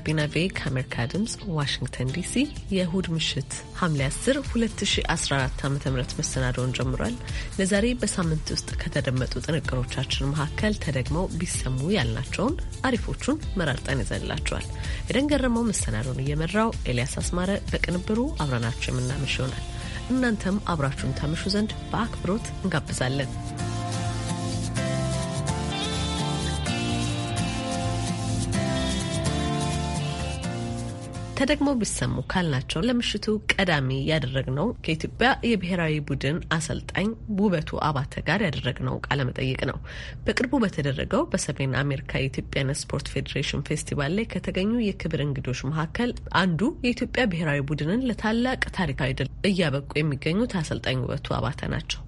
ጋቢና ቤ ከአሜሪካ ድምፅ ዋሽንግተን ዲሲ የእሁድ ምሽት ሐምሌ 10 2014 ዓ ም መሰናዶውን ጀምሯል። ለዛሬ በሳምንት ውስጥ ከተደመጡ ጥንቅሮቻችን መካከል ተደግመው ቢሰሙ ያልናቸውን አሪፎቹን መራርጠን ይዘንላቸዋል። የደንገረመው መሰናዶውን እየመራው ኤልያስ አስማረ በቅንብሩ አብረናቸው የምናመሽ ይሆናል። እናንተም አብራችሁን ታመሹ ዘንድ በአክብሮት እንጋብዛለን። ተደግሞ ቢሰሙ ካልናቸው ለምሽቱ ቀዳሚ ያደረግነው ከኢትዮጵያ የብሔራዊ ቡድን አሰልጣኝ ውበቱ አባተ ጋር ያደረግነው ቃለመጠይቅ ነው። በቅርቡ በተደረገው በሰሜን አሜሪካ የኢትዮጵያን ስፖርት ፌዴሬሽን ፌስቲቫል ላይ ከተገኙ የክብር እንግዶች መካከል አንዱ የኢትዮጵያ ብሔራዊ ቡድንን ለታላቅ ታሪካዊ ድል እያበቁ የሚገኙት አሰልጣኝ ውበቱ አባተ ናቸው።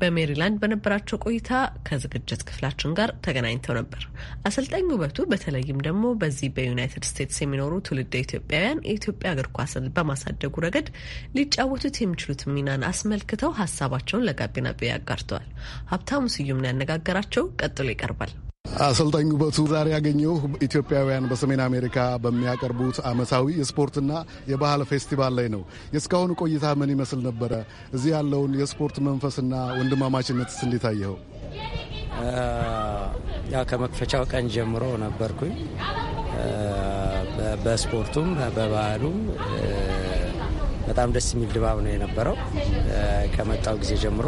በሜሪላንድ በነበራቸው ቆይታ ከዝግጅት ክፍላችን ጋር ተገናኝተው ነበር። አሰልጣኝ ውበቱ በተለይም ደግሞ በዚህ በዩናይትድ ስቴትስ የሚኖሩ ትውልደ ኢትዮጵያውያን የኢትዮጵያ እግር ኳስን በማሳደጉ ረገድ ሊጫወቱት የሚችሉት ሚናን አስመልክተው ሀሳባቸውን ለጋቢና ቢያጋርተዋል። ሀብታሙ ስዩም ያነጋገራቸው። ቀጥሎ ይቀርባል። አሰልጣኝ ውበቱ ዛሬ ያገኘው ኢትዮጵያውያን በሰሜን አሜሪካ በሚያቀርቡት ዓመታዊ የስፖርትና የባህል ፌስቲቫል ላይ ነው። የእስካሁኑ ቆይታ ምን ይመስል ነበረ? እዚህ ያለውን የስፖርት መንፈስና ወንድማማችነትስ እንዴት አየኸው? ያ ከመክፈቻው ቀን ጀምሮ ነበርኩኝ። በስፖርቱም በባህሉም በጣም ደስ የሚል ድባብ ነው የነበረው። ከመጣው ጊዜ ጀምሮ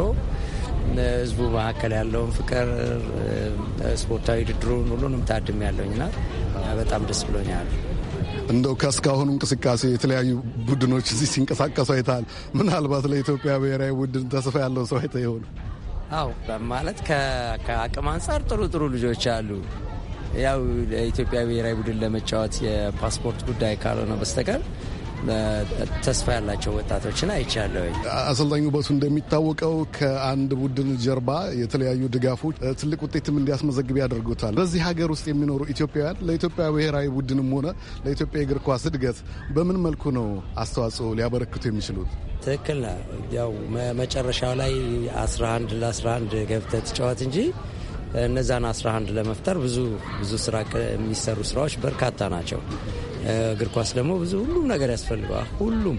ህዝቡ መካከል ያለውን ፍቅር፣ ስፖርታዊ ውድድሩን ሁሉንም ታድም ያለውኝና በጣም ደስ ብሎኛል። እንደው ከእስካሁኑ እንቅስቃሴ የተለያዩ ቡድኖች እዚህ ሲንቀሳቀሱ አይተሃል። ምናልባት ለኢትዮጵያ ብሔራዊ ቡድን ተስፋ ያለው ሰው አይተ ይሆኑ? አዎ ማለት ከአቅም አንጻር ጥሩ ጥሩ ልጆች አሉ። ያው ለኢትዮጵያ ብሔራዊ ቡድን ለመጫወት የፓስፖርት ጉዳይ ካልሆነ በስተቀር ተስፋ ያላቸው ወጣቶችን አይቻለሁ። አሰልጣኝ ውበቱ እንደሚታወቀው ከአንድ ቡድን ጀርባ የተለያዩ ድጋፎች ትልቅ ውጤትም እንዲያስመዘግብ ያደርጉታል። በዚህ ሀገር ውስጥ የሚኖሩ ኢትዮጵያውያን ለኢትዮጵያ ብሔራዊ ቡድንም ሆነ ለኢትዮጵያ የእግር ኳስ እድገት በምን መልኩ ነው አስተዋጽኦ ሊያበረክቱ የሚችሉት? ትክክል ነው። ያው መጨረሻው ላይ 11 ለ11 ገብተህ ትጫወት እንጂ እነዛን 11 ለመፍጠር ብዙ ብዙ ስራ የሚሰሩ ስራዎች በርካታ ናቸው። እግር ኳስ ደግሞ ብዙ ሁሉም ነገር ያስፈልገዋል። ሁሉም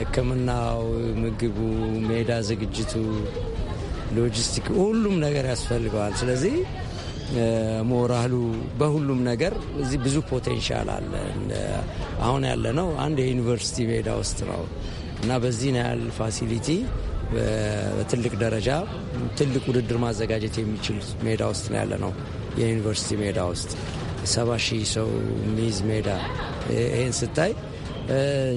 ሕክምናው፣ ምግቡ፣ ሜዳ ዝግጅቱ፣ ሎጂስቲክ፣ ሁሉም ነገር ያስፈልገዋል። ስለዚህ ሞራሉ በሁሉም ነገር እዚህ ብዙ ፖቴንሻል አለ። አሁን ያለ ነው አንድ የዩኒቨርሲቲ ሜዳ ውስጥ ነው እና በዚህ ያህል ፋሲሊቲ በትልቅ ደረጃ ትልቅ ውድድር ማዘጋጀት የሚችል ሜዳ ውስጥ ነው ያለ ነው። የዩኒቨርሲቲ ሜዳ ውስጥ ሰባ ሺህ ሰው ሚዝ ሜዳ ይህን ስታይ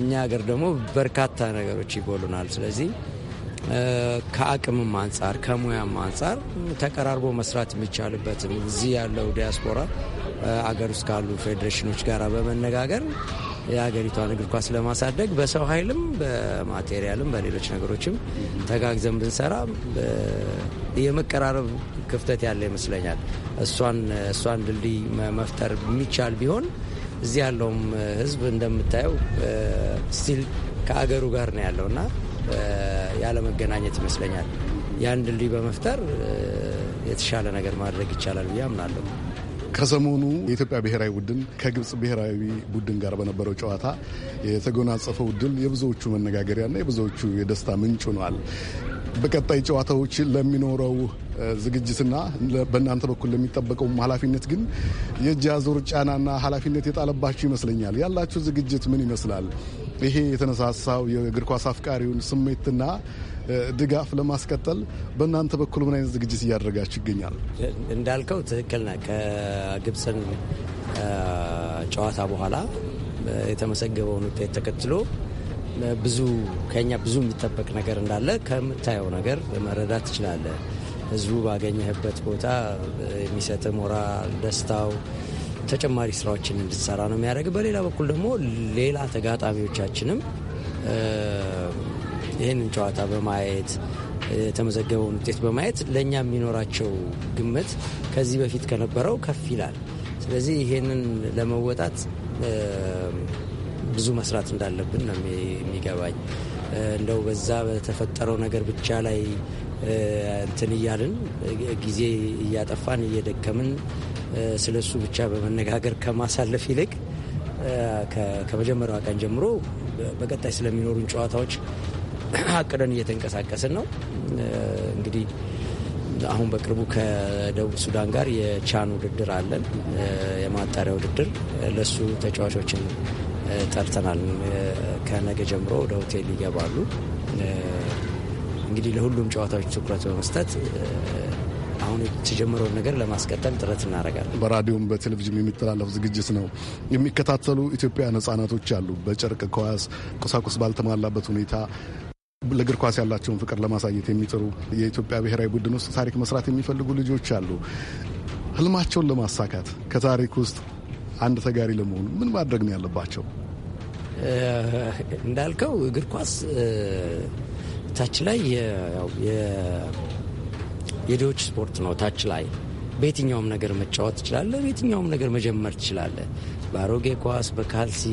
እኛ ሀገር ደግሞ በርካታ ነገሮች ይጎሉናል። ስለዚህ ከአቅምም አንጻር ከሙያም አንጻር ተቀራርቦ መስራት የሚቻልበትም እዚህ ያለው ዲያስፖራ አገር ውስጥ ካሉ ፌዴሬሽኖች ጋር በመነጋገር የሀገሪቷን እግር ኳስ ለማሳደግ በሰው ኃይልም በማቴሪያልም በሌሎች ነገሮችም ተጋግዘን ብንሰራ የመቀራረብ ክፍተት ያለ ይመስለኛል። እሷን እሷን ድልድይ መፍጠር የሚቻል ቢሆን እዚህ ያለውም ሕዝብ እንደምታየው ስቲል ከአገሩ ጋር ነው ያለ ያለመገናኘት ይመስለኛል ያን ድልድይ በመፍጠር የተሻለ ነገር ማድረግ ይቻላል ብዬ አምናለሁ። ከሰሞኑ የኢትዮጵያ ብሔራዊ ቡድን ከግብፅ ብሔራዊ ቡድን ጋር በነበረው ጨዋታ የተጎናጸፈው ድል የብዙዎቹ መነጋገሪያና የብዙዎቹ የደስታ ምንጭ ሆኗል። በቀጣይ ጨዋታዎች ለሚኖረው ዝግጅትና በእናንተ በኩል ለሚጠበቀውም ኃላፊነት ግን የእጅ አዙር ጫናና ኃላፊነት የጣለባችሁ ይመስለኛል። ያላችሁ ዝግጅት ምን ይመስላል? ይሄ የተነሳሳው የእግር ኳስ አፍቃሪውን ስሜትና ድጋፍ ለማስቀጠል በእናንተ በኩል ምን አይነት ዝግጅት እያደረጋችሁ ይገኛል? እንዳልከው ትክክል ነህ። ከግብፅን ጨዋታ በኋላ የተመዘገበውን ውጤት ተከትሎ ብዙ ከኛ ብዙ የሚጠበቅ ነገር እንዳለ ከምታየው ነገር መረዳት ትችላለህ። ህዝቡ ባገኘህበት ቦታ የሚሰጥ ሞራል፣ ደስታው ተጨማሪ ስራዎችን እንድትሰራ ነው የሚያደርግ። በሌላ በኩል ደግሞ ሌላ ተጋጣሚዎቻችንም ይህንን ጨዋታ በማየት የተመዘገበውን ውጤት በማየት ለእኛ የሚኖራቸው ግምት ከዚህ በፊት ከነበረው ከፍ ይላል። ስለዚህ ይህንን ለመወጣት ብዙ መስራት እንዳለብን ነው የሚገባኝ። እንደው በዛ በተፈጠረው ነገር ብቻ ላይ እንትን እያልን ጊዜ እያጠፋን እየደከምን ስለ እሱ ብቻ በመነጋገር ከማሳለፍ ይልቅ ከመጀመሪያዋ ቀን ጀምሮ በቀጣይ ስለሚኖሩን ጨዋታዎች አቅደን እየተንቀሳቀስን ነው። እንግዲህ አሁን በቅርቡ ከደቡብ ሱዳን ጋር የቻን ውድድር አለን፣ የማጣሪያ ውድድር። ለሱ ተጫዋቾችን ጠርተናል። ከነገ ጀምሮ ወደ ሆቴል ይገባሉ። እንግዲህ ለሁሉም ጨዋታዎች ትኩረት በመስጠት አሁን የተጀመረውን ነገር ለማስቀጠል ጥረት እናደርጋለን። በራዲዮም በቴሌቪዥን የሚተላለፍ ዝግጅት ነው። የሚከታተሉ ኢትዮጵያውያን ህጻናቶች አሉ። በጨርቅ ከዋስ ቁሳቁስ ባልተሟላበት ሁኔታ ለእግር ኳስ ያላቸውን ፍቅር ለማሳየት የሚጥሩ የኢትዮጵያ ብሔራዊ ቡድን ውስጥ ታሪክ መስራት የሚፈልጉ ልጆች አሉ። ህልማቸውን ለማሳካት ከታሪክ ውስጥ አንድ ተጋሪ ለመሆኑ ምን ማድረግ ነው ያለባቸው? እንዳልከው እግር ኳስ ታች ላይ የድሆች ስፖርት ነው። ታች ላይ በየትኛውም ነገር መጫወት ትችላለህ። በየትኛውም ነገር መጀመር ትችላለህ። በአሮጌ ኳስ፣ በካልሲ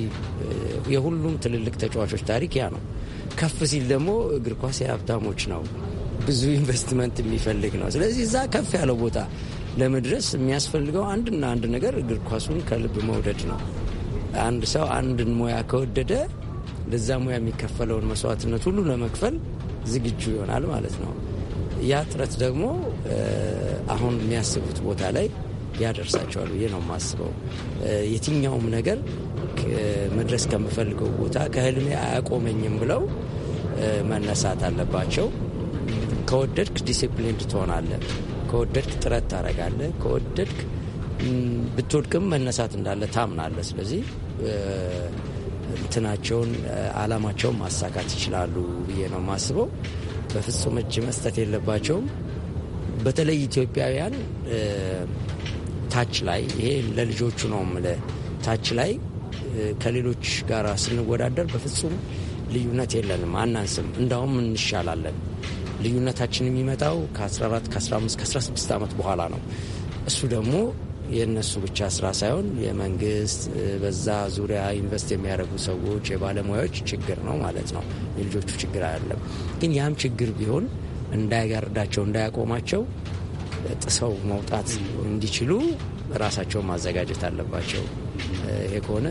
የሁሉም ትልልቅ ተጫዋቾች ታሪክ ያ ነው። ከፍ ሲል ደግሞ እግር ኳስ የሀብታሞች ነው፣ ብዙ ኢንቨስትመንት የሚፈልግ ነው። ስለዚህ እዛ ከፍ ያለው ቦታ ለመድረስ የሚያስፈልገው አንድና አንድ ነገር እግር ኳሱን ከልብ መውደድ ነው። አንድ ሰው አንድን ሙያ ከወደደ ለዛ ሙያ የሚከፈለውን መስዋዕትነት ሁሉ ለመክፈል ዝግጁ ይሆናል ማለት ነው። ያ ጥረት ደግሞ አሁን የሚያስቡት ቦታ ላይ ያደርሳቸዋል ብዬ ነው የማስበው። የትኛውም ነገር መድረስ ከምፈልገው ቦታ ከህልሜ አያቆመኝም ብለው መነሳት አለባቸው። ከወደድክ ዲሲፕሊን ትሆናለህ። ከወደድክ ጥረት ታደርጋለህ። ከወደድክ ብትወድቅም መነሳት እንዳለ ታምናለህ። ስለዚህ እንትናቸውን አላማቸውን ማሳካት ይችላሉ ብዬ ነው የማስበው። በፍጹም እጅ መስጠት የለባቸውም። በተለይ ኢትዮጵያውያን ታች ላይ ይሄ ለልጆቹ ነው የምልህ ታች ላይ ከሌሎች ጋር ስንወዳደር በፍጹም ልዩነት የለንም፣ አናንስም፣ እንዳውም እንሻላለን። ልዩነታችን የሚመጣው ከ14 ከ15 ከ16 ዓመት በኋላ ነው። እሱ ደግሞ የእነሱ ብቻ ስራ ሳይሆን የመንግስት በዛ ዙሪያ ኢንቨስት የሚያደርጉ ሰዎች፣ የባለሙያዎች ችግር ነው ማለት ነው። የልጆቹ ችግር አይደለም። ግን ያም ችግር ቢሆን እንዳይጋርዳቸው፣ እንዳያቆማቸው ጥሰው መውጣት እንዲችሉ ራሳቸውን ማዘጋጀት አለባቸው። ይሄ ከሆነ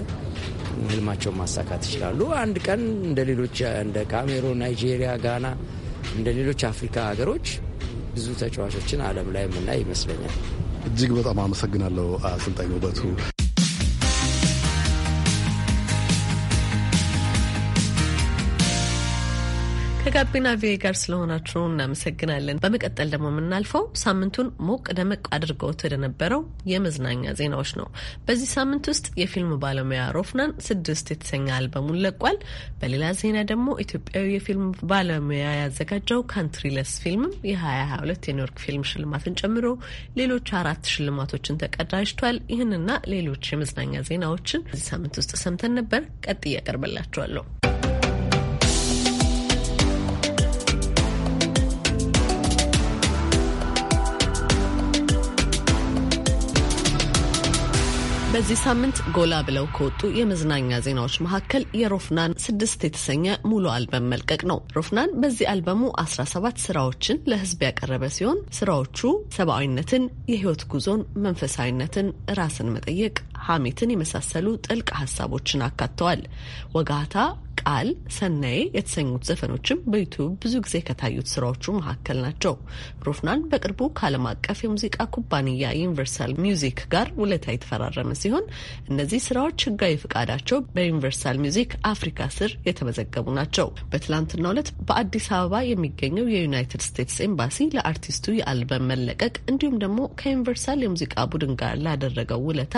ህልማቸውን ማሳካት ይችላሉ። አንድ ቀን እንደ ሌሎች እንደ ካሜሩን፣ ናይጄሪያ፣ ጋና እንደ ሌሎች አፍሪካ ሀገሮች ብዙ ተጫዋቾችን ዓለም ላይ የምናይ ይመስለኛል። እጅግ በጣም አመሰግናለሁ አሰልጣኝ ውበቱ። ከጋቢና ቪኦኤ ጋር ስለሆናችሁ እናመሰግናለን። በመቀጠል ደግሞ የምናልፈው ሳምንቱን ሞቅ ደመቅ አድርገውት የነበረው የመዝናኛ ዜናዎች ነው። በዚህ ሳምንት ውስጥ የፊልም ባለሙያ ሮፍናን ስድስት የተሰኘ አልበሙን ለቋል። በሌላ ዜና ደግሞ ኢትዮጵያዊ የፊልም ባለሙያ ያዘጋጀው ካንትሪለስ ፊልምም የ2022 የኒውዮርክ ፊልም ሽልማትን ጨምሮ ሌሎች አራት ሽልማቶችን ተቀዳጅቷል። ይህንና ሌሎች የመዝናኛ ዜናዎችን በዚህ ሳምንት ውስጥ ሰምተን ነበር። ቀጥ ያቀርበላችኋለሁ። በዚህ ሳምንት ጎላ ብለው ከወጡ የመዝናኛ ዜናዎች መካከል የሮፍናን ስድስት የተሰኘ ሙሉ አልበም መልቀቅ ነው። ሮፍናን በዚህ አልበሙ 17 ስራዎችን ለህዝብ ያቀረበ ሲሆን ስራዎቹ ሰብአዊነትን፣ የህይወት ጉዞን፣ መንፈሳዊነትን፣ ራስን መጠየቅ፣ ሐሜትን የመሳሰሉ ጥልቅ ሀሳቦችን አካተዋል። ወጋታ ቃል፣ ሰናዬ የተሰኙት ዘፈኖችም በዩቲዩብ ብዙ ጊዜ ከታዩት ስራዎቹ መካከል ናቸው። ሮፍናን በቅርቡ ከዓለም አቀፍ የሙዚቃ ኩባንያ ዩኒቨርሳል ሚውዚክ ጋር ውለታ የተፈራረመ ሲሆን እነዚህ ስራዎች ህጋዊ ፍቃዳቸው በዩኒቨርሳል ሚውዚክ አፍሪካ ስር የተመዘገቡ ናቸው። በትላንትናው ዕለት በአዲስ አበባ የሚገኘው የዩናይትድ ስቴትስ ኤምባሲ ለአርቲስቱ የአልበም መለቀቅ እንዲሁም ደግሞ ከዩኒቨርሳል የሙዚቃ ቡድን ጋር ላደረገው ውለታ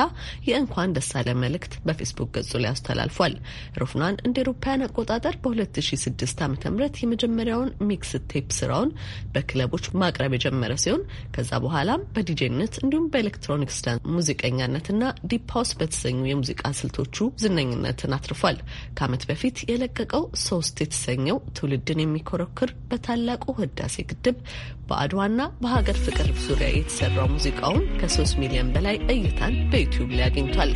የእንኳን ደሳለ መልእክት በፌስቡክ ገጹ ላይ አስተላልፏል። ሮፍናን እንደ ኤሮፓ አውሮፓውያን አቆጣጠር በ2006 ዓ ም የመጀመሪያውን ሚክስ ቴፕ ስራውን በክለቦች ማቅረብ የጀመረ ሲሆን ከዛ በኋላም በዲጄነት እንዲሁም በኤሌክትሮኒክስ ዳን ሙዚቀኛነትና ዲፕ ሃውስ በተሰኙ የሙዚቃ ስልቶቹ ዝነኝነትን አትርፏል። ከአመት በፊት የለቀቀው ሶስት የተሰኘው ትውልድን የሚኮረክር በታላቁ ህዳሴ ግድብ በአድዋና በሀገር ፍቅር ዙሪያ የተሰራው ሙዚቃውን ከ3 ሚሊዮን በላይ እይታን በዩቲዩብ ላይ አግኝቷል።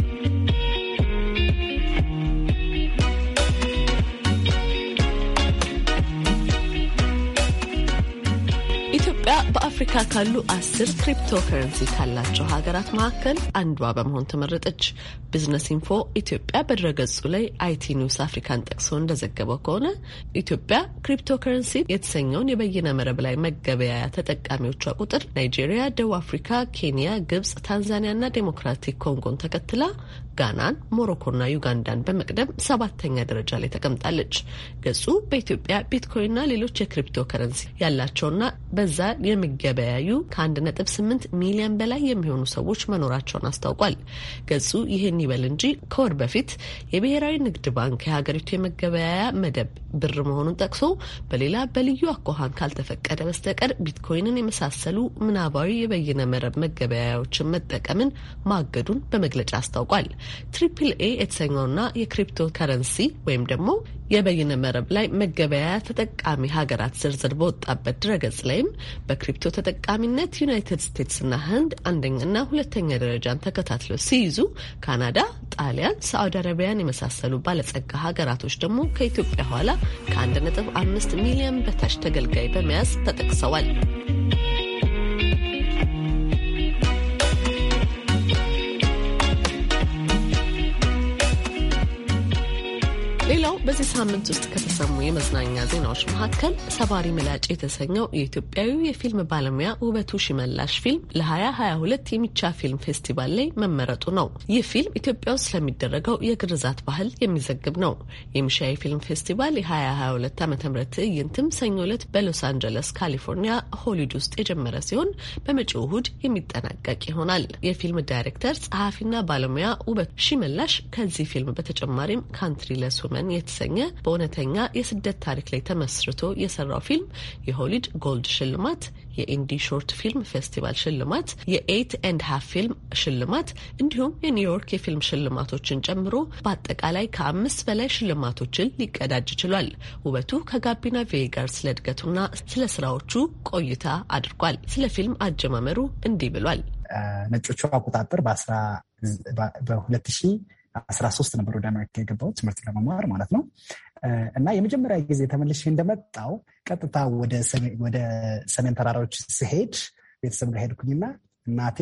ኢትዮጵያ በአፍሪካ ካሉ አስር ክሪፕቶ ከረንሲ ካላቸው ሀገራት መካከል አንዷ በመሆን ተመረጠች። ቢዝነስ ኢንፎ ኢትዮጵያ በድረገጹ ላይ አይቲ ኒውስ አፍሪካን ጠቅሶ እንደዘገበው ከሆነ ኢትዮጵያ ክሪፕቶ ከረንሲ የተሰኘውን የበይነ መረብ ላይ መገበያያ ተጠቃሚዎቿ ቁጥር ናይጄሪያ፣ ደቡብ አፍሪካ፣ ኬንያ፣ ግብጽ፣ ታንዛኒያ እና ዴሞክራቲክ ኮንጎን ተከትላ ጋናን፣ ሞሮኮና ዩጋንዳን በመቅደም ሰባተኛ ደረጃ ላይ ተቀምጣለች። ገጹ በኢትዮጵያ ቢትኮይንና ሌሎች የክሪፕቶ ከረንሲ ያላቸውና በዛ የሚገበያዩ ከ1.8 ሚሊዮን በላይ የሚሆኑ ሰዎች መኖራቸውን አስታውቋል። ገጹ ይህን ይበል እንጂ ከወር በፊት የብሔራዊ ንግድ ባንክ የሀገሪቱ የመገበያያ መደብ ብር መሆኑን ጠቅሶ በሌላ በልዩ አኳኋን ካልተፈቀደ በስተቀር ቢትኮይንን የመሳሰሉ ምናባዊ የበይነ መረብ መገበያያዎችን መጠቀምን ማገዱን በመግለጫ አስታውቋል። ትሪፕል ኤ የተሰኘውና የክሪፕቶ ከረንሲ ወይም ደግሞ የበይነ መረብ ላይ መገበያያ ተጠቃሚ ሀገራት ዝርዝር በወጣበት ድረገጽ ላይም በክሪፕቶ ተጠቃሚነት ዩናይትድ ስቴትስና ህንድ አንደኛና ሁለተኛ ደረጃን ተከታትለው ሲይዙ ካናዳ፣ ጣሊያን፣ ሳዑዲ አረቢያን የመሳሰሉ ባለጸጋ ሀገራቶች ደግሞ ከኢትዮጵያ ኋላ ከ1.5 ሚሊዮን በታች ተገልጋይ በመያዝ ተጠቅሰዋል። በዚህ ሳምንት ውስጥ ከተሰሙ የመዝናኛ ዜናዎች መካከል ሰባሪ ምላጭ የተሰኘው የኢትዮጵያዊ የፊልም ባለሙያ ውበቱ ሽመላሽ ፊልም ለ2022 የሚቻ ፊልም ፌስቲቫል ላይ መመረጡ ነው። ይህ ፊልም ኢትዮጵያ ውስጥ ስለሚደረገው የግርዛት ባህል የሚዘግብ ነው። የሚሻ የፊልም ፌስቲቫል የ2022 ዓ.ም ትዕይንትም ሰኞ ዕለት በሎስ አንጀለስ ካሊፎርኒያ ሆሊድ ውስጥ የጀመረ ሲሆን በመጪው እሁድ የሚጠናቀቅ ይሆናል። የፊልም ዳይሬክተር ጸሐፊና ባለሙያ ውበት ሽመላሽ ከዚህ ፊልም በተጨማሪም ካንትሪ ለስ ውመን የተሰ የተሰኘ በእውነተኛ የስደት ታሪክ ላይ ተመስርቶ የሰራው ፊልም የሆሊድ ጎልድ ሽልማት፣ የኢንዲ ሾርት ፊልም ፌስቲቫል ሽልማት፣ የኤይት ኤንድ ሀፍ ፊልም ሽልማት እንዲሁም የኒውዮርክ የፊልም ሽልማቶችን ጨምሮ በአጠቃላይ ከአምስት በላይ ሽልማቶችን ሊቀዳጅ ችሏል። ውበቱ ከጋቢና ቪዬ ጋር ስለ እድገቱና ስለ ስራዎቹ ቆይታ አድርጓል። ስለ ፊልም አጀማመሩ እንዲህ ብሏል። ነጮቹ አቆጣጠር በ አስራ ሶስት ነበር ወደ አሜሪካ የገባው ትምህርት ለመማር ማለት ነው። እና የመጀመሪያ ጊዜ ተመልሼ እንደመጣው ቀጥታ ወደ ሰሜን ተራራዎች ስሄድ ቤተሰብ ጋር ሄድኩኝና እናቴ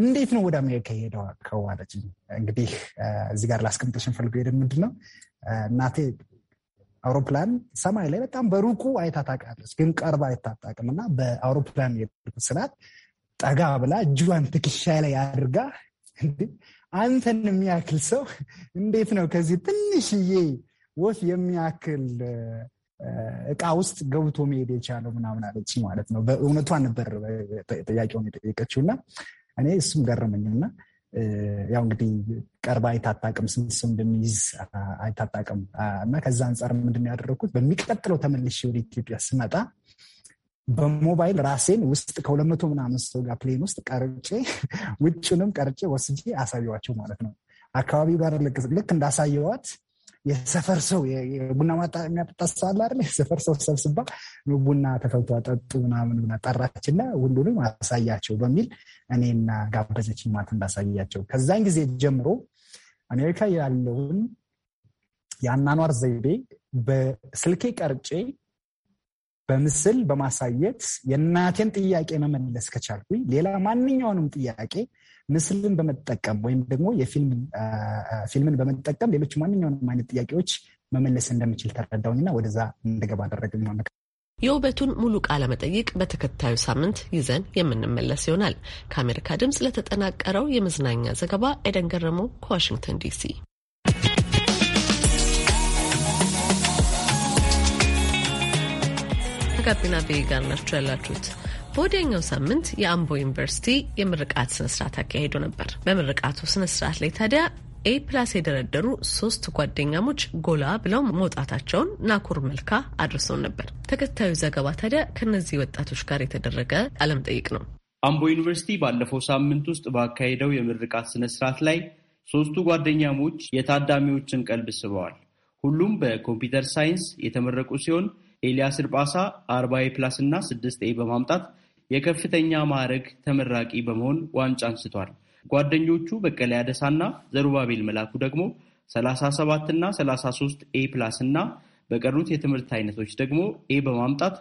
እንዴት ነው ወደ አሜሪካ የሄደው ከዋለች። እንግዲህ እዚህ ጋር ላስቀምጠሽ ንፈልገ ሄደ ምንድን ነው እናቴ አውሮፕላን ሰማይ ላይ በጣም በሩቁ አይታ ታውቃለች፣ ግን ቀርባ አይታጣቅም እና በአውሮፕላን የሄድኩት ስላት ጠጋ ብላ እጇን ትከሻዬ ላይ አድርጋ አንተን የሚያክል ሰው እንዴት ነው ከዚህ ትንሽዬ ወፍ የሚያክል እቃ ውስጥ ገብቶ መሄድ የቻለው ምናምን አለች ማለት ነው። በእውነቷ ነበር ጥያቄውን የጠየቀችው እና እኔ እሱም ገረመኝ እና ያው እንግዲህ ቀርባ አይታጣቅም ስንት ሰው እንደሚይዝ አይታጣቅም እና ከዛ አንጻር ምንድን ያደረግኩት በሚቀጥለው ተመልሼ ወደ ኢትዮጵያ ስመጣ በሞባይል ራሴን ውስጥ ከሁለት መቶ ምናምን ሰው ጋር ፕሌን ውስጥ ቀርጬ ውጭንም ቀርጬ ወስጄ አሳየዋቸው ማለት ነው። አካባቢው ጋር ልክ እንዳሳየዋት የሰፈር ሰው ቡና የሚያጠጣ ሰው አለ አይደል? የሰፈር ሰው ሰብስባ ቡና ተፈልቷ ጠጡ ምናምን ብላ ጠራችና ሁሉንም አሳያቸው በሚል እኔና ጋበዘችኝ ማለት እንዳሳያቸው። ከዛን ጊዜ ጀምሮ አሜሪካ ያለውን የአናኗር ዘይቤ በስልኬ ቀርጬ በምስል በማሳየት የእናቴን ጥያቄ መመለስ ከቻልኩኝ ሌላ ማንኛውንም ጥያቄ ምስልን በመጠቀም ወይም ደግሞ ፊልምን በመጠቀም ሌሎች ማንኛውንም አይነት ጥያቄዎች መመለስ እንደምችል ተረዳውኝና ወደዛ እንደገባ አደረገኝ። የውበቱን ሙሉ ቃለ መጠይቅ በተከታዩ ሳምንት ይዘን የምንመለስ ይሆናል። ከአሜሪካ ድምፅ ለተጠናቀረው የመዝናኛ ዘገባ ኤደን ገረመው ከዋሽንግተን ዲሲ ከጋቢና ቤ ጋር ናቸው ያላችሁት። በወዲያኛው ሳምንት የአምቦ ዩኒቨርሲቲ የምርቃት ስነስርዓት አካሄዶ ነበር። በምርቃቱ ስነስርዓት ላይ ታዲያ ኤ ፕላስ የደረደሩ ሶስት ጓደኛሞች ጎላ ብለው መውጣታቸውን ናኩር መልካ አድርሰው ነበር። ተከታዩ ዘገባ ታዲያ ከነዚህ ወጣቶች ጋር የተደረገ ቃለመጠይቅ ነው። አምቦ ዩኒቨርሲቲ ባለፈው ሳምንት ውስጥ ባካሄደው የምርቃት ስነስርዓት ላይ ሶስቱ ጓደኛሞች የታዳሚዎችን ቀልብ ስበዋል። ሁሉም በኮምፒውተር ሳይንስ የተመረቁ ሲሆን ኤልያስ ርጳሳ አርባ ፕላስ እና ስድስት ኤ በማምጣት የከፍተኛ ማዕረግ ተመራቂ በመሆን ዋንጫ አንስቷል። ጓደኞቹ በቀለ ያደሳና ዘሩባቤል መላኩ ደግሞ 37 እና 33 ኤ ፕላስ እና በቀሩት የትምህርት አይነቶች ደግሞ ኤ በማምጣት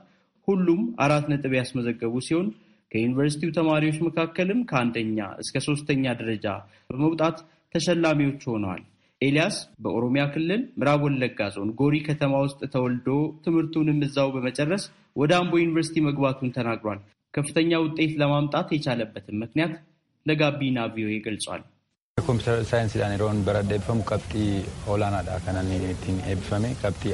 ሁሉም አራት ነጥብ ያስመዘገቡ ሲሆን ከዩኒቨርሲቲው ተማሪዎች መካከልም ከአንደኛ እስከ ሶስተኛ ደረጃ በመውጣት ተሸላሚዎች ሆነዋል። ኤልያስ በኦሮሚያ ክልል ምዕራብ ወለጋ ዞን ጎሪ ከተማ ውስጥ ተወልዶ ትምህርቱንም እዛው በመጨረስ ወደ አምቦ ዩኒቨርሲቲ መግባቱን ተናግሯል። ከፍተኛ ውጤት ለማምጣት የቻለበትን ምክንያት ለጋቢና ቪኦኤ ገልጿል። ኮምፒተር ሳይንስ ዳኔሮን በረዳ ኤብፈሙ ቀብጢ ኦላናዳ ከናኔቲን ኤብፈሜ ቀብጢ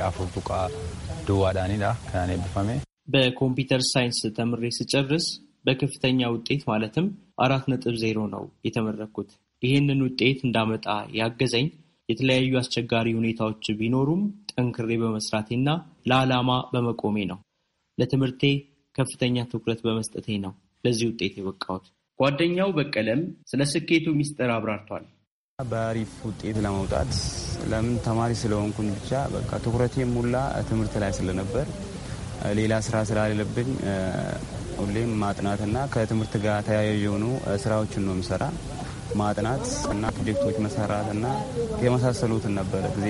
ዳኒ ዳ ከናኔ ኤብፈሜ በኮምፒውተር ሳይንስ ተምሬ ስጨርስ በከፍተኛ ውጤት ማለትም አራት ነጥብ ዜሮ ነው የተመረኩት። ይህንን ውጤት እንዳመጣ ያገዘኝ የተለያዩ አስቸጋሪ ሁኔታዎች ቢኖሩም ጠንክሬ በመስራቴና ለዓላማ በመቆሜ ነው። ለትምህርቴ ከፍተኛ ትኩረት በመስጠቴ ነው ለዚህ ውጤት የበቃሁት። ጓደኛው በቀለም ስለ ስኬቱ ሚስጥር አብራርቷል። በአሪፍ ውጤት ለመውጣት ለምን ተማሪ ስለሆንኩኝ ብቻ በቃ ትኩረቴም ሙላ ትምህርት ላይ ስለነበር ሌላ ስራ ስላሌለብኝ ሁሌም ማጥናትና ከትምህርት ጋር ተያያዥ የሆኑ ስራዎችን ነው የምሰራ። ማጥናት እና ፕሮጀክቶች መሰራት እና የመሳሰሉትን ነበረ ጊዜ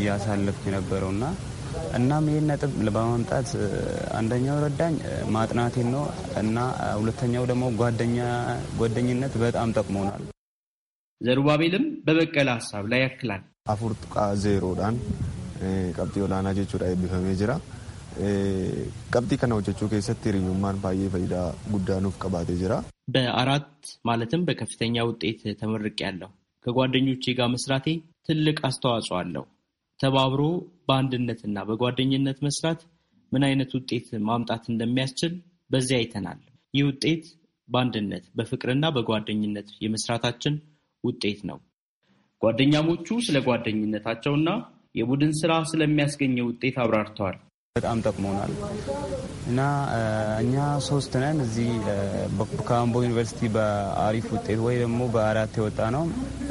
እያሳለፍኩ የነበረው እና እናም ይህን ነጥብ በማምጣት አንደኛው ረዳኝ ማጥናቴን ነው እና ሁለተኛው ደግሞ ጓደኛ ጓደኝነት በጣም ጠቅሞናል። ዘሩባቤልም በበቀለ ሀሳብ ላይ ያክላል። አፉርጥቃ ዜሮ ዳን ቀብጤ ኦላና ጀቹ ቢፈሜ ጅራ ቀብጢ ከና ሆጀቹ ከሰት ሪዩማን ባየ ፈይዳ ኑፍ ቀባቴ ጅራ በአራት ማለትም በከፍተኛ ውጤት ተመርቅ ያለው ከጓደኞቼ ጋር መስራቴ ትልቅ አስተዋጽኦ አለው። ተባብሮ በአንድነትና በጓደኝነት መስራት ምን አይነት ውጤት ማምጣት እንደሚያስችል በዚህ አይተናል። ይህ ውጤት በአንድነት በፍቅርና በጓደኝነት የመስራታችን ውጤት ነው። ጓደኛሞቹ ስለ ጓደኝነታቸውና የቡድን ስራ ስለሚያስገኘው ውጤት አብራርተዋል። በጣም ጠቅሞናል እና እኛ ሶስት ነን እዚህ ከአምቦ ዩኒቨርሲቲ በአሪፍ ውጤት ወይ ደግሞ በአራት የወጣ ነው።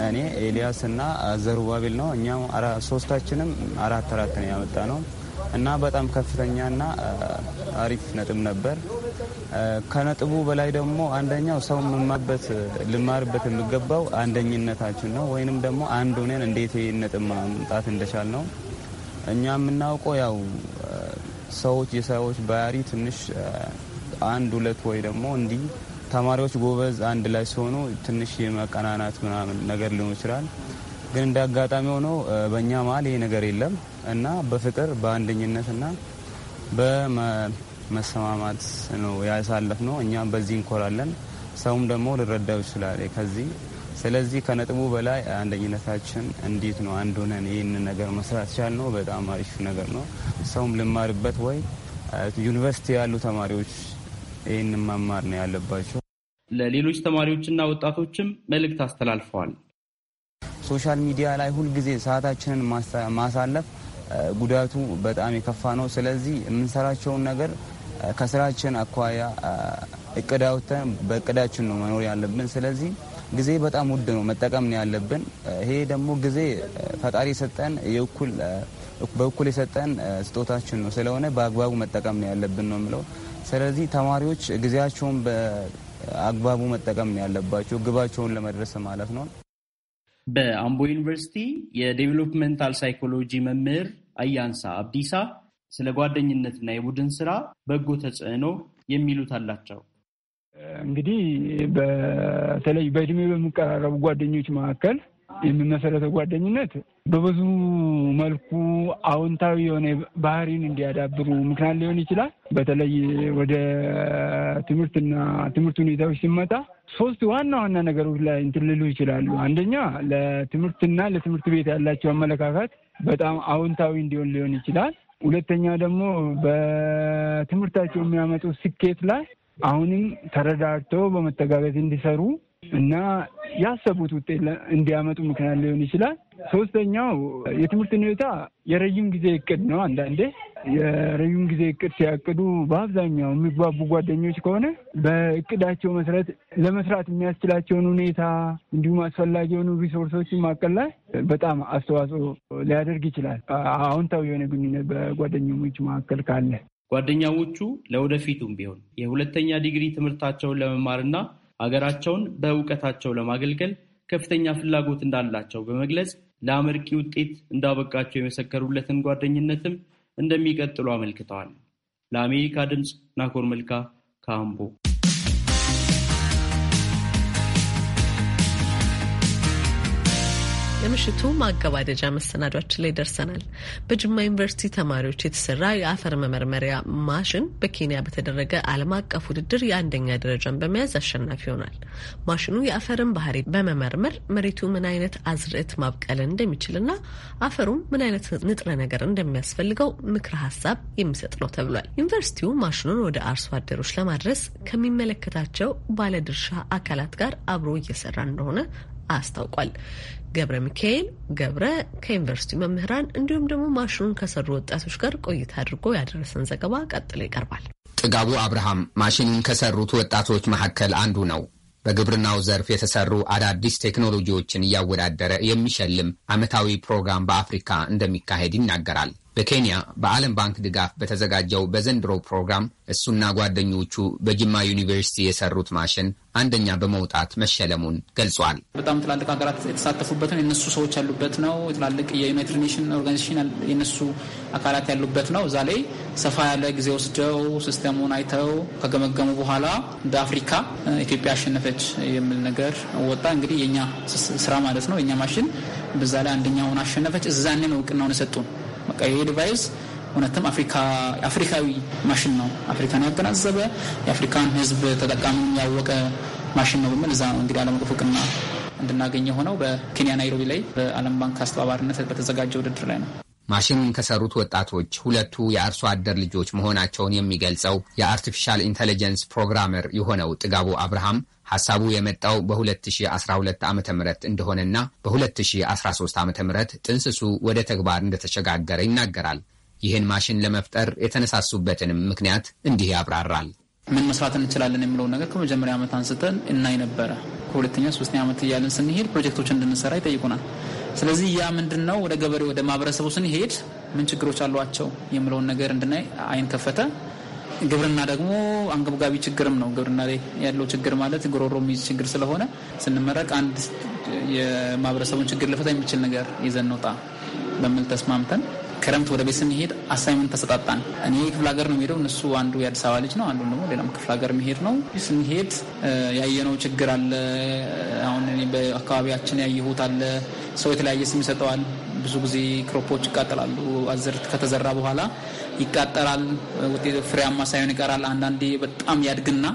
እኔ ኤልያስ እና ዘሩባቤል ነው። እኛም ሶስታችንም አራት አራት ነው ያመጣ ነው እና በጣም ከፍተኛና አሪፍ ነጥብ ነበር። ከነጥቡ በላይ ደግሞ አንደኛው ሰው የምማበት ልማርበት የምገባው አንደኝነታችን ነው ወይንም ደግሞ አንድ ሆነን እንዴት ነጥብ ማምጣት እንደቻል ነው። እኛ የምናውቀው ያው ሰዎች የሰዎች ባህሪ ትንሽ አንድ ሁለት ወይ ደግሞ እንዲህ ተማሪዎች ጎበዝ አንድ ላይ ሲሆኑ ትንሽ የመቀናናት ምናምን ነገር ሊሆን ይችላል። ግን እንደ አጋጣሚ ሆኖ በእኛ መሀል ይሄ ነገር የለም እና በፍቅር በአንደኝነት እና በመሰማማት ነው ያሳለፍ ነው። እኛም በዚህ እንኮራለን። ሰውም ደግሞ ልረዳው ይችላል ከዚህ ስለዚህ ከነጥቡ በላይ አንደኝነታችን እንዴት ነው አንድ ሆነን ይህንን ነገር መስራት ቻል ነው። በጣም አሪፍ ነገር ነው። ሰውም ልማርበት ወይ ዩኒቨርሲቲ ያሉ ተማሪዎች ይህን መማር ነው ያለባቸው። ለሌሎች ተማሪዎችና ወጣቶችም መልእክት አስተላልፈዋል። ሶሻል ሚዲያ ላይ ሁልጊዜ ሰዓታችንን ማሳለፍ ጉዳቱ በጣም የከፋ ነው። ስለዚህ የምንሰራቸውን ነገር ከስራችን አኳያ እቅድ አውጥተን በእቅዳችን ነው መኖር ያለብን። ስለዚህ ጊዜ በጣም ውድ ነው፣ መጠቀም ነው ያለብን። ይሄ ደግሞ ጊዜ ፈጣሪ የሰጠን በእኩል የሰጠን ስጦታችን ነው። ስለሆነ በአግባቡ መጠቀም ነው ያለብን ነው የምለው። ስለዚህ ተማሪዎች ጊዜያቸውን በአግባቡ መጠቀም ነው ያለባቸው ግባቸውን ለመድረስ ማለት ነው። በአምቦ ዩኒቨርሲቲ የዴቨሎፕመንታል ሳይኮሎጂ መምህር አያንሳ አብዲሳ ስለ ጓደኝነትና የቡድን ስራ በጎ ተጽዕኖ የሚሉት አላቸው። እንግዲህ በተለይ በእድሜ በሚቀራረቡ ጓደኞች መካከል የሚመሰረተው ጓደኝነት በብዙ መልኩ አዎንታዊ የሆነ ባህሪን እንዲያዳብሩ ምክንያት ሊሆን ይችላል። በተለይ ወደ ትምህርትና ትምህርት ሁኔታዎች ሲመጣ ሶስት ዋና ዋና ነገሮች ላይ እንትን ይችላሉ። አንደኛ ለትምህርትና ለትምህርት ቤት ያላቸው አመለካከት በጣም አዎንታዊ እንዲሆን ሊሆን ይችላል። ሁለተኛ ደግሞ በትምህርታቸው የሚያመጡ ስኬት ላይ አሁንም ተረዳድተው በመተጋገዝ እንዲሰሩ እና ያሰቡት ውጤት እንዲያመጡ ምክንያት ሊሆን ይችላል። ሶስተኛው የትምህርት ሁኔታ የረዥም ጊዜ እቅድ ነው። አንዳንዴ የረዥም ጊዜ እቅድ ሲያቅዱ በአብዛኛው የሚግባቡ ጓደኞች ከሆነ በእቅዳቸው መሰረት ለመስራት የሚያስችላቸውን ሁኔታ እንዲሁም አስፈላጊ የሆኑ ሪሶርሶችን ማቀል በጣም አስተዋጽኦ ሊያደርግ ይችላል። አዎንታዊ የሆነ ግንኙነት በጓደኞች መካከል ካለ ጓደኛዎቹ ለወደፊቱም ቢሆን የሁለተኛ ዲግሪ ትምህርታቸውን ለመማርና አገራቸውን በእውቀታቸው ለማገልገል ከፍተኛ ፍላጎት እንዳላቸው በመግለጽ ለአመርቂ ውጤት እንዳበቃቸው የመሰከሩለትን ጓደኝነትም እንደሚቀጥሉ አመልክተዋል። ለአሜሪካ ድምፅ ናኮር መልካ ካምቦ የምሽቱ ማገባደጃ መሰናዷችን ላይ ደርሰናል። በጅማ ዩኒቨርሲቲ ተማሪዎች የተሰራ የአፈር መመርመሪያ ማሽን በኬንያ በተደረገ ዓለም አቀፍ ውድድር የአንደኛ ደረጃን በመያዝ አሸናፊ ሆኗል። ማሽኑ የአፈርን ባህሪ በመመርመር መሬቱ ምን አይነት አዝርዕት ማብቀል እንደሚችልና አፈሩም ምን አይነት ንጥረ ነገር እንደሚያስፈልገው ምክረ ሀሳብ የሚሰጥ ነው ተብሏል። ዩኒቨርሲቲው ማሽኑን ወደ አርሶ አደሮች ለማድረስ ከሚመለከታቸው ባለድርሻ አካላት ጋር አብሮ እየሰራ እንደሆነ አስታውቋል። ገብረ ሚካኤል ገብረ ከዩኒቨርሲቲ መምህራን እንዲሁም ደግሞ ማሽኑን ከሰሩ ወጣቶች ጋር ቆይታ አድርጎ ያደረሰን ዘገባ ቀጥሎ ይቀርባል። ጥጋቡ አብርሃም ማሽኑን ከሰሩት ወጣቶች መካከል አንዱ ነው። በግብርናው ዘርፍ የተሰሩ አዳዲስ ቴክኖሎጂዎችን እያወዳደረ የሚሸልም ዓመታዊ ፕሮግራም በአፍሪካ እንደሚካሄድ ይናገራል። በኬንያ በዓለም ባንክ ድጋፍ በተዘጋጀው በዘንድሮ ፕሮግራም እሱና ጓደኞቹ በጅማ ዩኒቨርሲቲ የሰሩት ማሽን አንደኛ በመውጣት መሸለሙን ገልጿል። በጣም ትላልቅ ሀገራት የተሳተፉበት ነው። የነሱ ሰዎች ያሉበት ነው። ትላልቅ የዩናይትድ ኔሽን ኦርጋኒዜሽን የነሱ አካላት ያሉበት ነው። እዛ ላይ ሰፋ ያለ ጊዜ ወስደው ሲስተሙን አይተው ከገመገሙ በኋላ እንደ አፍሪካ ኢትዮጵያ አሸነፈች የሚል ነገር ወጣ። እንግዲህ የኛ ስራ ማለት ነው። የኛ ማሽን በዛ ላይ አንደኛውን አሸነፈች። እዛንን እውቅናውን የሰጡን በቃ ይሄ ዲቫይስ እውነትም አፍሪካዊ ማሽን ነው፣ አፍሪካን ያገናዘበ የአፍሪካን ህዝብ ተጠቃሚ ያወቀ ማሽን ነው በምል እዛ ነው እንግዲህ ዓለም አቀፍ እውቅና እንድናገኝ የሆነው በኬንያ ናይሮቢ ላይ በዓለም ባንክ አስተባባሪነት በተዘጋጀ ውድድር ላይ ነው። ማሽኑን ከሰሩት ወጣቶች ሁለቱ የአርሶ አደር ልጆች መሆናቸውን የሚገልጸው የአርቲፊሻል ኢንቴሊጀንስ ፕሮግራመር የሆነው ጥጋቡ አብርሃም ሐሳቡ የመጣው በ2012 ዓ ም እንደሆነና በ2013 ዓ ም ጥንስሱ ወደ ተግባር እንደተሸጋገረ ይናገራል። ይህን ማሽን ለመፍጠር የተነሳሱበትንም ምክንያት እንዲህ ያብራራል። ምን መስራት እንችላለን የሚለውን ነገር ከመጀመሪያ ዓመት አንስተን እናይ ነበረ። ከሁለተኛ ሶስተኛ ዓመት እያለን ስንሄድ ፕሮጀክቶችን እንድንሰራ ይጠይቁናል። ስለዚህ ያ ምንድን ነው ወደ ገበሬው ወደ ማህበረሰቡ ስንሄድ ምን ችግሮች አሏቸው የሚለውን ነገር እንድናይ አይን ከፈተ። ግብርና ደግሞ አንገብጋቢ ችግርም ነው። ግብርና ላይ ያለው ችግር ማለት ጉሮሮ የሚይዝ ችግር ስለሆነ ስንመረቅ አንድ የማህበረሰቡን ችግር ልፈታ የሚችል ነገር ይዘን እንውጣ በሚል ተስማምተን ክረምት ወደ ቤት ስንሄድ አሳይመንት ተሰጣጣን። እኔ ክፍለ ሀገር ነው የሚሄደው እነሱ አንዱ የአዲስ አበባ ልጅ ነው፣ አንዱ ደግሞ ሌላም ክፍለ ሀገር መሄድ ነው። ስንሄድ ያየነው ችግር አለ። አሁን በአካባቢያችን ያየሁት አለ። ሰው የተለያየ ስም ይሰጠዋል። ብዙ ጊዜ ክሮፖች ይቃጠላሉ። አዝርት ከተዘራ በኋላ ይቃጠላል። ውጤት ፍሬያማ ሳይሆን ይቀራል። አንዳንዴ በጣም ያድግና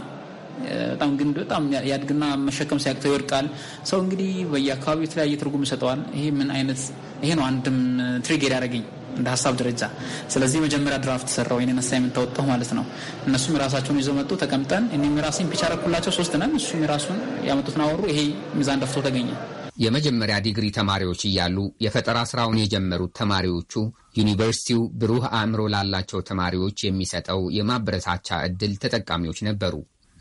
በጣም ግን በጣም ያድግና መሸከም ሲያቅተው ይወድቃል። ሰው እንግዲህ በየአካባቢው የተለያየ ትርጉም ይሰጠዋል። ይሄ ምን አይነት ይሄ ነው አንድም ትሪጌር ያደረገኝ እንደ ሀሳብ ደረጃ። ስለዚህ መጀመሪያ ድራፍት ሰራው ይህንን አሳይመንት ታወጣሁ ማለት ነው። እነሱም የራሳቸውን ይዘው መጡ። ተቀምጠን እኔም የራሴን ፒች አደረኩላቸው። ሶስት ነን። እሱም የራሱን ያመጡትን አወሩ። ይሄ ሚዛን ደፍቶ ተገኘ። የመጀመሪያ ዲግሪ ተማሪዎች እያሉ የፈጠራ ስራውን የጀመሩት ተማሪዎቹ ዩኒቨርሲቲው ብሩህ አእምሮ ላላቸው ተማሪዎች የሚሰጠው የማበረታቻ እድል ተጠቃሚዎች ነበሩ።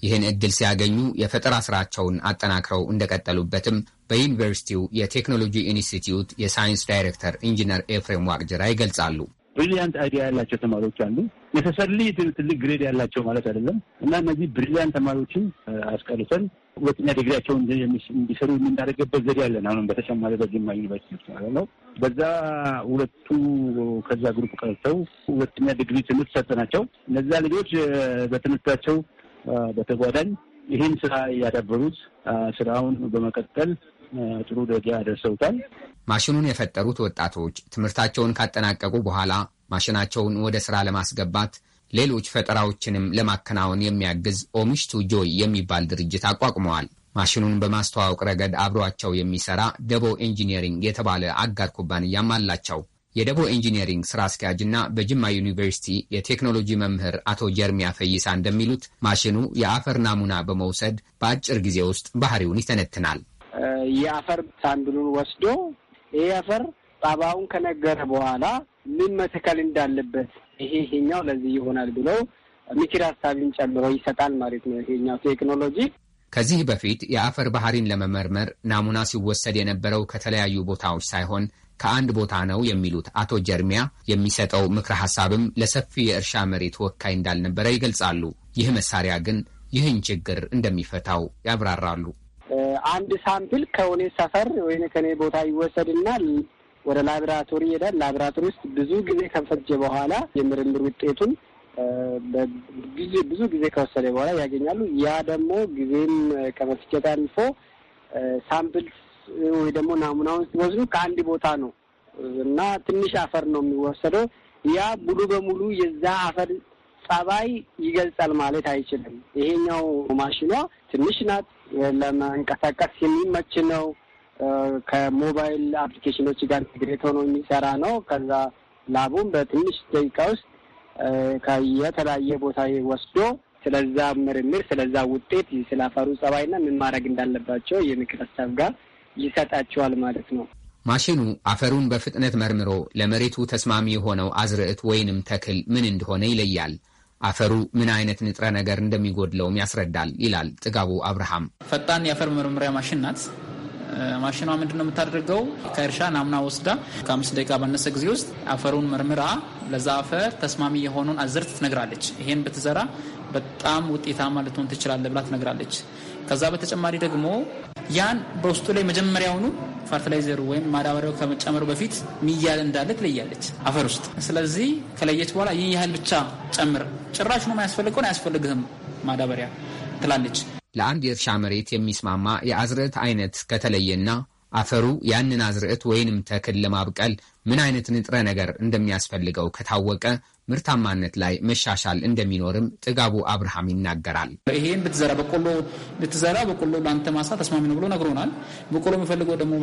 ይህን እድል ሲያገኙ የፈጠራ ስራቸውን አጠናክረው እንደቀጠሉበትም በዩኒቨርሲቲው የቴክኖሎጂ ኢንስቲትዩት የሳይንስ ዳይሬክተር ኢንጂነር ኤፍሬም ዋቅጅራ ይገልጻሉ። ብሪሊያንት አይዲያ ያላቸው ተማሪዎች አሉ። ነሰሰርሊ ትልቅ ግሬድ ያላቸው ማለት አይደለም እና እነዚህ ብሪሊያንት ተማሪዎችን አስቀርተን ሁለተኛ ዲግሪያቸውን እንዲሰሩ የምናደርገበት ዘዴ ያለን አሁን በተጨማሪ በጅማ ዩኒቨርሲቲ ውስጥ ማለት ነው። በዛ ሁለቱ ከዛ ግሩፕ ቀርተው ሁለተኛ ዲግሪ ትምህርት ሰጠናቸው። እነዛ ልጆች በትምህርታቸው በተጓዳኝ ይህን ስራ እያዳበሩት ስራውን በመቀጠል ጥሩ ደረጃ ያደርሰውታል። ማሽኑን የፈጠሩት ወጣቶች ትምህርታቸውን ካጠናቀቁ በኋላ ማሽናቸውን ወደ ስራ ለማስገባት ሌሎች ፈጠራዎችንም ለማከናወን የሚያግዝ ኦሚሽቱ ጆይ የሚባል ድርጅት አቋቁመዋል። ማሽኑን በማስተዋወቅ ረገድ አብሯቸው የሚሰራ ደቦ ኢንጂኒሪንግ የተባለ አጋር ኩባንያም አላቸው። የደቦ ኢንጂኒሪንግ ስራ አስኪያጅና በጅማ ዩኒቨርሲቲ የቴክኖሎጂ መምህር አቶ ጀርሚያ ፈይሳ እንደሚሉት ማሽኑ የአፈር ናሙና በመውሰድ በአጭር ጊዜ ውስጥ ባህሪውን ይተነትናል። የአፈር ሳንድሉን ወስዶ ይሄ አፈር ጣባውን ከነገረ በኋላ ምን መትከል እንዳለበት ይሄ ይሄኛው ለዚህ ይሆናል ብለው ምክር ሀሳብን ጨምሮ ይሰጣል ማለት ነው። ይሄኛው ቴክኖሎጂ ከዚህ በፊት የአፈር ባህሪን ለመመርመር ናሙና ሲወሰድ የነበረው ከተለያዩ ቦታዎች ሳይሆን ከአንድ ቦታ ነው የሚሉት አቶ ጀርሚያ የሚሰጠው ምክረ ሀሳብም ለሰፊ የእርሻ መሬት ወካይ እንዳልነበረ ይገልጻሉ። ይህ መሳሪያ ግን ይህን ችግር እንደሚፈታው ያብራራሉ። አንድ ሳምፕል ከሆኔ ሰፈር ወይም ከኔ ቦታ ይወሰድና ወደ ላብራቶሪ ይሄዳል። ላብራቶሪ ውስጥ ብዙ ጊዜ ከፈጀ በኋላ የምርምር ውጤቱን ጊዜ ብዙ ጊዜ ከወሰደ በኋላ ያገኛሉ። ያ ደግሞ ጊዜም ከመፍጀት አልፎ ሳምፕል ወይ ደግሞ ናሙናውን ሲወስዱ ከአንድ ቦታ ነው እና ትንሽ አፈር ነው የሚወሰደው። ያ ሙሉ በሙሉ የዛ አፈር ጸባይ ይገልጻል ማለት አይችልም። ይሄኛው ማሽኗ ትንሽ ናት። ለመንቀሳቀስ የሚመች ነው። ከሞባይል አፕሊኬሽኖች ጋር ኢንትግሬት ሆኖ የሚሰራ ነው። ከዛ ላቡን በትንሽ ደቂቃ ውስጥ የተለያየ ቦታ ወስዶ ስለዛ ምርምር፣ ስለዛ ውጤት፣ ስለ አፈሩ ጸባይና ምን ማድረግ እንዳለባቸው የምክር ሀሳብ ጋር ይሰጣቸዋል ማለት ነው። ማሽኑ አፈሩን በፍጥነት መርምሮ ለመሬቱ ተስማሚ የሆነው አዝርዕት ወይንም ተክል ምን እንደሆነ ይለያል። አፈሩ ምን አይነት ንጥረ ነገር እንደሚጎድለውም ያስረዳል ይላል ጥጋቡ አብርሃም። ፈጣን የአፈር መመርመሪያ ማሽን ናት። ማሽኗ ምንድን ነው የምታደርገው? ከእርሻ ናምና ወስዳ ከአምስት ደቂቃ ባነሰ ጊዜ ውስጥ አፈሩን መርምራ ለዛ አፈር ተስማሚ የሆኑን አዝርት ትነግራለች። ይሄን ብትዘራ በጣም ውጤታማ ልትሆን ትችላለ ብላ ትነግራለች። ከዛ በተጨማሪ ደግሞ ያን በውስጡ ላይ መጀመሪያውኑ ፈርትላይዘሩ ወይም ማዳበሪያው ከመጨመሩ በፊት ሚያል እንዳለ ትለያለች አፈር ውስጥ። ስለዚህ ከለየች በኋላ ይህን ያህል ብቻ ጨምር፣ ጭራሽ ነው የማያስፈልገውን አያስፈልግህም ማዳበሪያ ትላለች። ለአንድ የእርሻ መሬት የሚስማማ የአዝርዕት አይነት ከተለየና አፈሩ ያንን አዝርዕት ወይንም ተክል ለማብቀል ምን አይነት ንጥረ ነገር እንደሚያስፈልገው ከታወቀ ምርታማነት ላይ መሻሻል እንደሚኖርም ጥጋቡ አብርሃም ይናገራል። ይሄን ብትዘራ በቆሎ ብትዘራ በቆሎ ለአንተ ማሳ ተስማሚ ነው ብሎ ነግሮናል። በቆሎ የሚፈልገው ደግሞ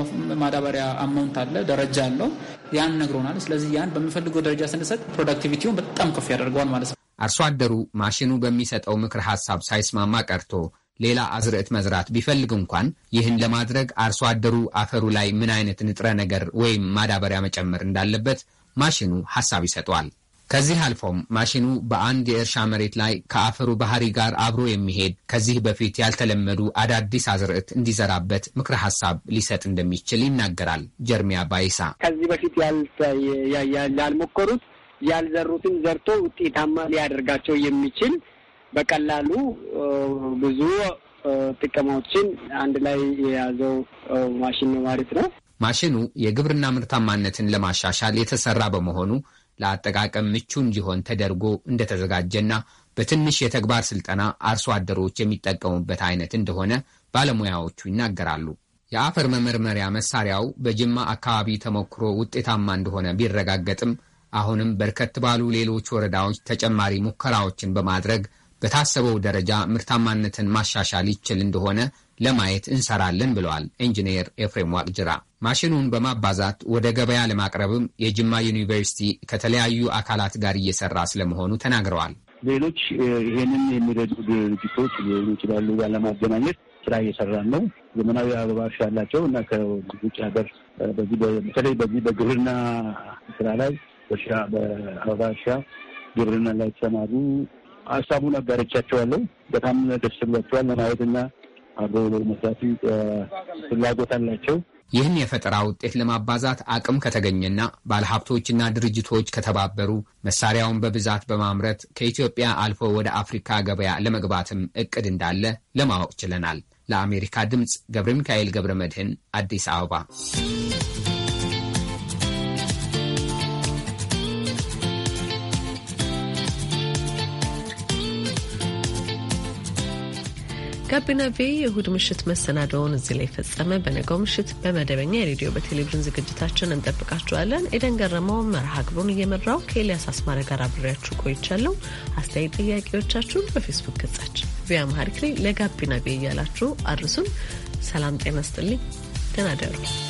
ማዳበሪያ አማውንት አለ፣ ደረጃ አለው። ያን ነግሮናል። ስለዚህ ያን በሚፈልገው ደረጃ ስንሰጥ ፕሮዳክቲቪቲውን በጣም ከፍ ያደርገዋል ማለት ነው። አርሶ አደሩ ማሽኑ በሚሰጠው ምክር ሀሳብ ሳይስማማ ቀርቶ ሌላ አዝርዕት መዝራት ቢፈልግ እንኳን ይህን ለማድረግ አርሶ አደሩ አፈሩ ላይ ምን አይነት ንጥረ ነገር ወይም ማዳበሪያ መጨመር እንዳለበት ማሽኑ ሐሳብ ይሰጠዋል። ከዚህ አልፎም ማሽኑ በአንድ የእርሻ መሬት ላይ ከአፈሩ ባህሪ ጋር አብሮ የሚሄድ ከዚህ በፊት ያልተለመዱ አዳዲስ አዝርዕት እንዲዘራበት ምክረ ሀሳብ ሊሰጥ እንደሚችል ይናገራል። ጀርሚያ ባይሳ ከዚህ በፊት ያልሞከሩት ያልዘሩትን ዘርቶ ውጤታማ ሊያደርጋቸው የሚችል በቀላሉ ብዙ ጥቅሞችን አንድ ላይ የያዘው ማሽን ነው ማለት ነው። ማሽኑ የግብርና ምርታማነትን ለማሻሻል የተሰራ በመሆኑ ለአጠቃቀም ምቹ እንዲሆን ተደርጎ እንደተዘጋጀና በትንሽ የተግባር ስልጠና አርሶ አደሮች የሚጠቀሙበት አይነት እንደሆነ ባለሙያዎቹ ይናገራሉ። የአፈር መመርመሪያ መሳሪያው በጅማ አካባቢ ተሞክሮ ውጤታማ እንደሆነ ቢረጋገጥም አሁንም በርከት ባሉ ሌሎች ወረዳዎች ተጨማሪ ሙከራዎችን በማድረግ በታሰበው ደረጃ ምርታማነትን ማሻሻል ይችል እንደሆነ ለማየት እንሰራለን ብለዋል ኢንጂነር ኤፍሬም ዋቅጅራ። ማሽኑን በማባዛት ወደ ገበያ ለማቅረብም የጅማ ዩኒቨርሲቲ ከተለያዩ አካላት ጋር እየሰራ ስለመሆኑ ተናግረዋል። ሌሎች ይሄንን የሚረዱ ድርጅቶች ሊሆኑ ይችላሉ ጋር ለማገናኘት ስራ እየሰራን ነው። ዘመናዊ አበባ እርሻ ያላቸው እና ከውጭ ሀገር በተለይ በዚህ በግብርና ስራ ላይ እርሻ በአበባ እርሻ ግብርና ላይ የተሰማሩ ሀሳቡን አጋርቻቸዋለሁ። በጣም ደስ ብሏቸዋል። ለማየትና አብረው መስራት ፍላጎት አላቸው። ይህን የፈጠራ ውጤት ለማባዛት አቅም ከተገኘና ባለሀብቶችና ድርጅቶች ከተባበሩ መሳሪያውን በብዛት በማምረት ከኢትዮጵያ አልፎ ወደ አፍሪካ ገበያ ለመግባትም እቅድ እንዳለ ለማወቅ ችለናል። ለአሜሪካ ድምፅ ገብረ ሚካኤል ገብረ መድህን አዲስ አበባ ጋቢና ቪ የእሁድ ምሽት መሰናደውን እዚህ ላይ ፈጸመ። በነገው ምሽት በመደበኛ የሬዲዮ በቴሌቪዥን ዝግጅታችን እንጠብቃችኋለን። ኤደን ገረመው መርሃ ግብሩን እየመራው ከኤልያስ አስማረ ጋር አብሬያችሁ ቆይቻለሁ። አስተያየት ጥያቄዎቻችሁን በፌስቡክ ገጻችን ቪያ ላይ ለጋቢና ቪ እያላችሁ አድርሱን። ሰላም ጤና ስጥልኝ። ደህና ደሩ።